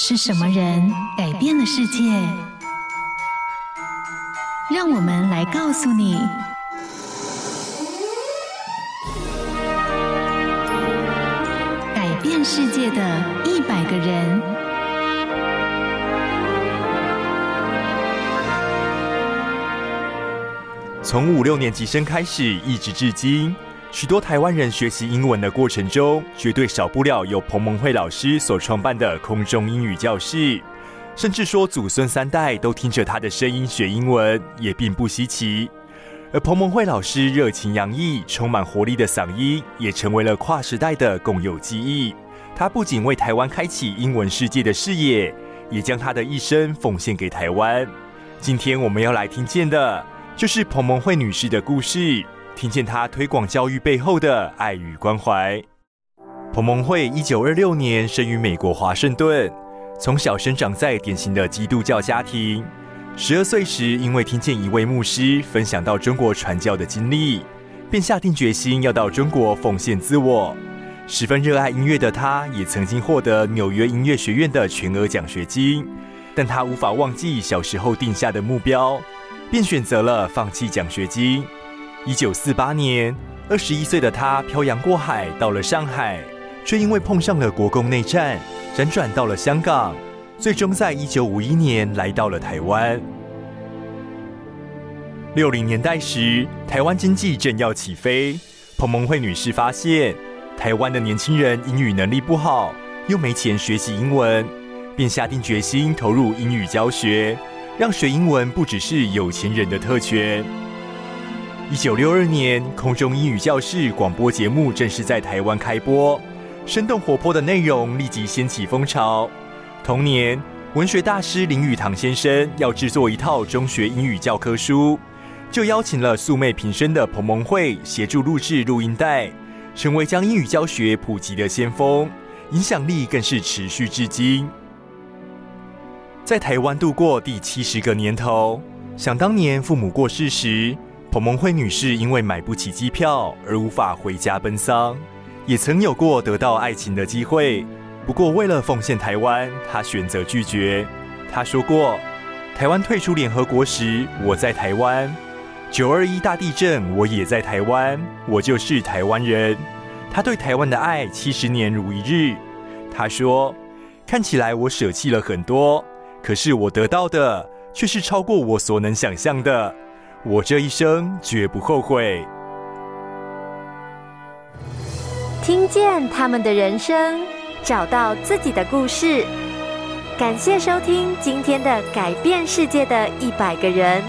是什麼人改變了世界？讓我們來告訴你：改變世界的一百個人，從五六年級生開始，一直至今。許多台灣人學習英文的過程中，絕對少不了由彭蒙惠老師所創辦的空中英語教室，甚至說祖孫三代都聽着他的聲音學英文也並不稀奇。而彭蒙惠老師熱情洋溢、充滿活力的嗓音，也成為了跨時代的共有記憶。他不僅為台灣開啟英文世界的視野，也將他的一生奉獻給台灣。今天我們要來聽見的，就是彭蒙惠女士的故事。聽見他推廣教育背後的愛與關懷。彭蒙惠一九二六年生於美國華盛頓，從小生長在典型的基督教家庭。十二歲時，因為聽見一位牧師分享到中國傳教的經歷，便下定決心要到中國奉獻自我。十分熱愛音樂的他，也曾經獲得紐約音樂學院的全額獎學金，但他無法忘記小時候定下的目標，便選擇了放棄獎學金。一九四八年，二十一歲的她漂洋過海到了上海，卻因為碰上了國共內戰，輾轉到了香港，最終在一九五一年來到了台灣。六零年代時，台灣經濟正要起飛，彭蒙惠女士發現台灣的年輕人英語能力不好，又沒錢學習英文，便下定決心投入英語教學，讓學英文不只是有錢人的特權。一九六二年，空中英語教室廣播節目正式在台灣開播，生動活潑的內容立即掀起風潮。同年，文學大師林語堂先生要制作一套中學英語教科書，就邀請了素昧平生的彭蒙惠協助錄制錄音帶，成為將英語教學普及的先鋒，影響力更是持續至今。在台灣度過第七十個年頭，想當年父母過世時，彭蒙惠女士因為買不起機票而無法回家奔喪，也曾有過得到愛情的機會，不過為了奉獻台灣，她選擇拒絕。她說過：“台灣退出聯合國時，我在台灣；九二一大地震，我也在台灣，我就是台灣人。”她對台灣的愛，七十年如一日。她說：“看起來我舍棄了很多，可是我得到的卻是超過我所能想象的。”我這一生絕不後悔。聽見他們的人生，找到自己的故事。感謝收聽今天的《改變世界的一百個人》。